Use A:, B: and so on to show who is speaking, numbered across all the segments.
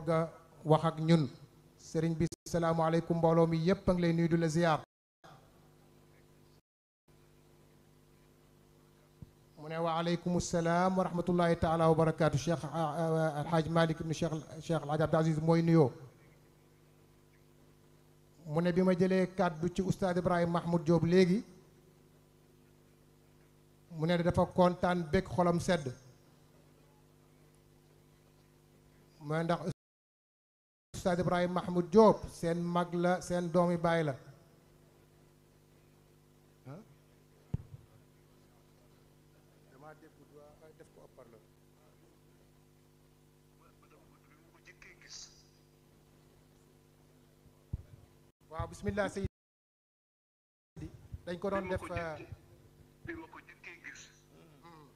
A: bëgg a ñun sëriñ bi salaamualeykum mbooloo mi yépp a ngi lay nuyu du la ziyaar mu ne wa aleykum salaam wa rahmatullahi taala wa barakaatu cheikh alhaaj ah, ah, malik ibnu cheikh cheikh alhaaj mooy nuyoo mu ne bi ma jëlee kàddu ci oustaz ibrahima mahmoud jóob léegi mu ne dafa kontaan bég xolam sedd mu ne ndax Oustaz Ibrahima Mahmoud seen mag la seen doomi baay la waaw bismillah dañ ko doon def bi ma euh,
B: ko jëkkee gis hmm. Hmm.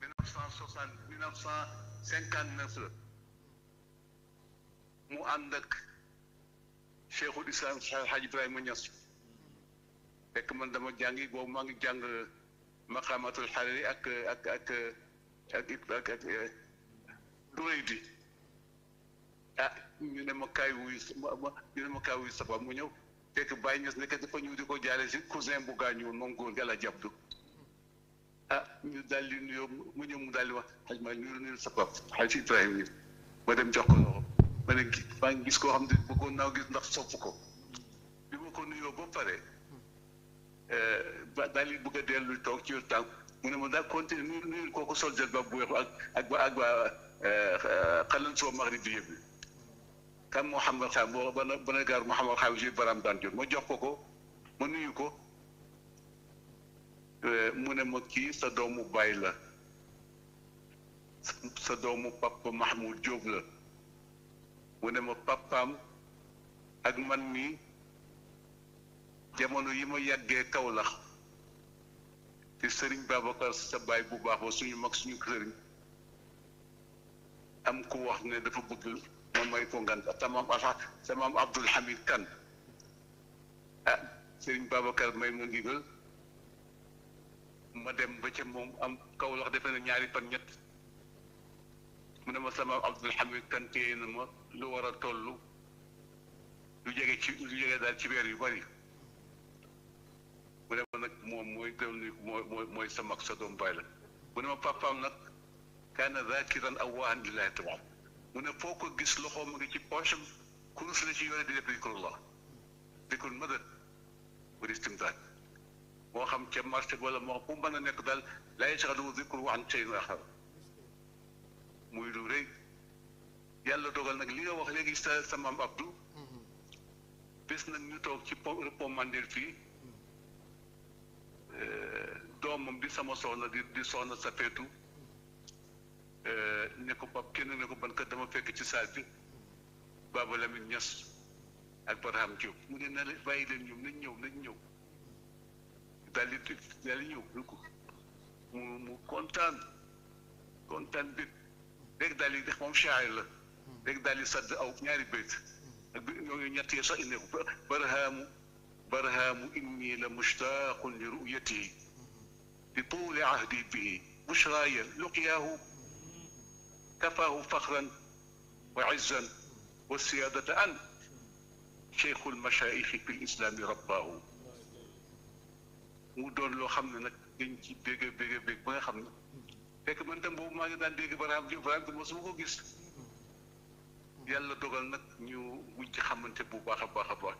B: mille neuf cent soixante mille neuf cent cinquante mu ànd ak cheikhul islam Haaj Ibrahima Niass fekk man dama jàngi boobu maa ngi jàng maqamatul xariri ak ak ak ak ak ak duréy ah ñu ne ma kaay wuy ñu ma kaay wuy mu ñëw fekk Baye Niass nekk dafa ñëw di ko jaale si cousin bu gaañuwoon moom góor gala jabdu ah ñu daal di nuyoo mu ñëw mu daal di wax xaj ma ñu nuyu sa pap xaj si Ibrahima ñu ma dem jox ko loxo ma ne gis maa ngi gis koo xam ne bëggoon naa gis ndax sopp ko bi ma ko nuyoo ba pare ba eh, daal di dellu toog ci yor mu ne ma daa continué nuyu nuyu kooku sol jalbab bu weex ak ak ak ba eh, xalan soo maghrib bi yëpp kan Mouhamed Xam boo ba na ba na gaar Mouhamed Xam si baram daan jot ma jox ko ko ma nuyu ko eh, mu ne ma kii sa doomu baay la sa doomu papa Mahmoud Diop la mu ne ma pappaam ak man mi jamono yi ma yàggee Kaolack ci sëriñ Babacar sa baay bu baax ba suñu mag suñu sëriñ am ku wax ne dafa bëgg ma may ko ngan sa maam Alxaaj sa maam Abdul Hamid Kan ah sëriñ Babacar may ma ndigal ma dem ba ca moom am Kaolack defe na ñaari fan ñett sama Abdoul Hamid kan téye na ma lu war a toll lu jege ci lu jege daal ci weer yu bari mu ne ma nag moom mooy doon mooy mooy sa mag sa doom baay la mu ne ma papaam nag kaana zaakiran awwaahan lillaahi taala mu ne foo ko gis loxoom mu ngi ci poche am kurus la ci yore di def zikrullah zikrul madad wa istimdaad moo xam ca marché wala moo xam fu mu mën a nekk daal laa yashghaluhu zikru an shay'in axar dogal nak li nga wax léegi sa sa maam Abdou. bés nak ñu tok ci po mandir fi euh domam di sama soxna di di soxna sa fetu euh ne ko pap kenn ne ko ban ka dama fekk ci saal bi. babu Lamine Niass ak Barham Diop mu ne na bàyyi len ñoom nañ ñëw nañ ñëw. daal di ñëw lu ko mu mu kontaan kontaan bi rek daal di def moom chaay la. rek daal di sadd aw ñaari bayt ak ñoo ñett yi sax indi ko barhaamu barhaamu inni la mushtaqun li ru'yatihi li tuuli ahdi bihi بشرايا لقياه كفاه فخرا وعزا والسيادة عن شيخ المشايخ في الإسلام رباه mu doon loo xam ne nag dañ ci bégg bégg bégg ba nga xam ne fekk man tam boobu maa ngi daan dégg baraam ji baraam ji mosuma ko gis yàlla dogal nag ñu mujj xamante bu baax a baax a baax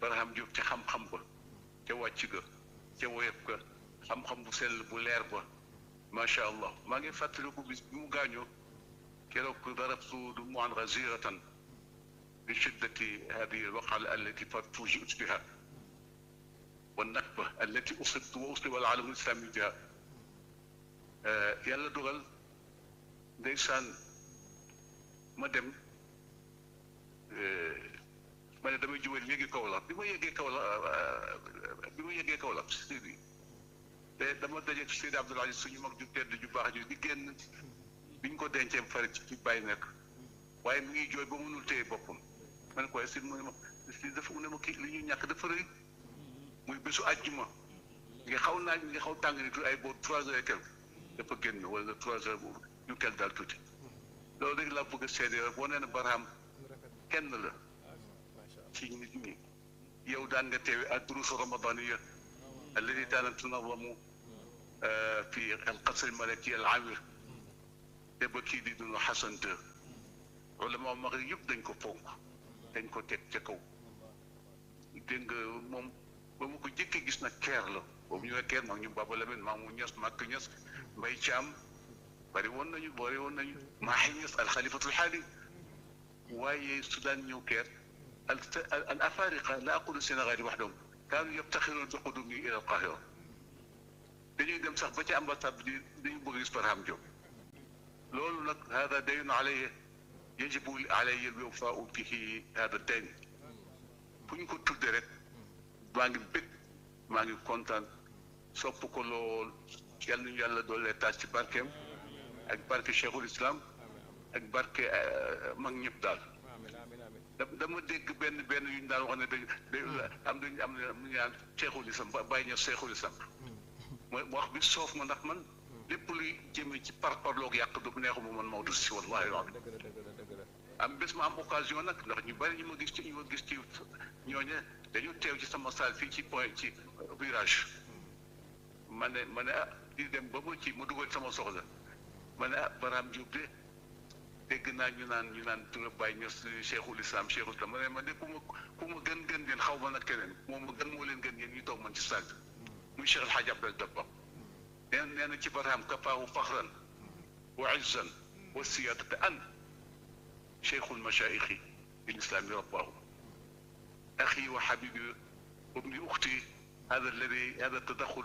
B: Barham Diop ca xam-xam ba ca wàcc ga ca woyof ga xam-xam bu sell bu leer ba macha allah maa ngi fàttaliku bis bi mu gaañoo keroog darabtu dumuan gaziratan bi shiddati hadihi alwaqaa allati fatujiut biha والنكبة التي أصبت وأصيب العالم الإسلامي بها يلا دوغل ديسان مدم Euh, ma ne damay jubal léegi Kaolack bi ma yeggee Kaolack euh, euh, bi ma yeggee Kaolack si bi te dama dajeeg Seydi Abdoul Aziz suñu mag ju tedd ju baax ju di génn biñ ko dencee ba pare ci bàyyi nekk waaye mi ngi jooy ba mënul téye boppam ma ne ko si mu ne ma si dafa mu ne ma kii li ñu ñàkk dafa rëy muy bésu àjjuma nga xaw naaj nga xaw tàng ni tu ay boobu trois heures et quelque dafa génn wala trois heures bu ñu kel daal tuuti loolu rek laa bëgg a seede boo nee na Barham كن لا تيجي يودان قتوى الدروس الرمضانية التي كانت تنظم في القصر الملكي العامر يبكي دي دون حسن دو علماء مغيب دنكو فوق دنكو تك تكو دنك مم بمكو جيكي جسنا كيرل بمكو كير مانيو بابا لمن مانو نياس ماكو نياس بايشام باري ونانيو باري ونانيو ماحي نياس الخليفة الحالي وسودان نيوكير الافارقه لا اقول السنغالي وحدهم كانوا يفتخرون بقدومي الى القاهره بني دم صحبتي ام بني بوغيس فرهام جو لولو هذا دين عليه يجب علي الوفاء به هذا الدين بني كنت تدرك بانج بيت بانج كونتان سوبو كولول يالنو يالا دولة تاتي باركم اك بارك الشيخ الاسلام ak barke euh, euh, mag ñëpp daal. dama dégg benn benn yu ñu daan wax ne dañu hmm. am dañu am ñu naan seexul islam bàyyi ñëw seexul islam. Hmm. mooy wax bi soof ma ndax man. Hmm. lépp luy jëmee ci par parloog yàq du neexuma man Maodo si wallaahi waaw. am ma am occasion nag ndax ñu bari ñu ma gis ci ñu ma gis ci ñooñu dañu teew ci sama salle fii ci point ci virage. ma ne ma ne ah di dem ba ma ci ma dugal sama soxla ma ne ah Baraam Diop dégg naa ñu naan ñu naan tuna Baye ñu cheikhul islam cheikhul islam ma ma ne ku ma ku ma gën gën leen xaw ma nag keneen moom ma gën moo leen gën yéen ñu toog man ci saag muy cheikh El Hadj Abdel Dabba neen nee na ci baraham kafaahu faxran wa izzan wa siyaadate an al cheikhul bi bil islami rabbahu axi wa xabibi wabni uxti هذا الذي هذا التدخل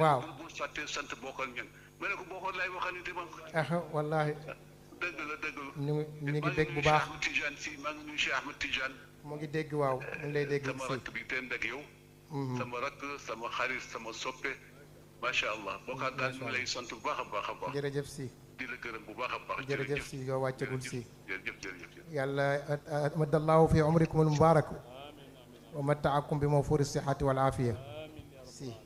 A: waaw kon bu fàttee sant bokkoon ñun ma ne ko bokkoon laay waxal ni ah, dëgg la dëgg la ñu ngi ñu ngi dégg bu baax maa ngi si maa ngi nuyu mu ngi dégg waaw mu ngi lay dégg sama rakk
B: bi teen ak yow mm-hmm. sama rakk sama xarit sama soppe macha allah mm-hmm. bokkaat daal ñu lay sant bu baax a baax jërëjëf si di la baax a jërëjëf
A: si yow wàccagul si
B: jërëjëf jërëjëf
A: yàlla madallahu fi umrikum al mubarak bi mawfuri sihati wal afiya si